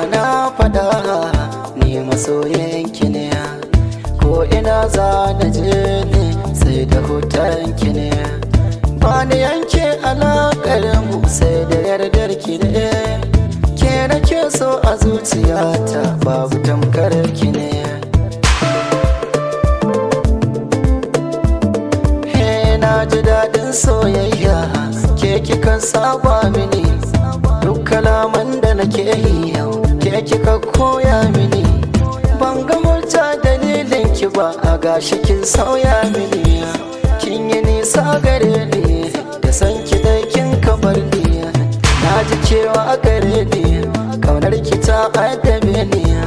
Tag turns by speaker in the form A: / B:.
A: na fada ni masoyinki ne ko ina za na je ne sai da hotonki ne ba ni yanke alakar mu sai da yardar ki ne ke nake so a zuciyata babu tamkar ki ne na ji daɗin soyayya ke kikan saba mini duk kalaman da nake yi yau kika koya mini ban ga murta dalilin ki ba a gashi kin sauya mini kin yi nisa gare ni da san ki dai kin kamar ni na ji cewa gare ni
B: kaunar ki ta addabe ni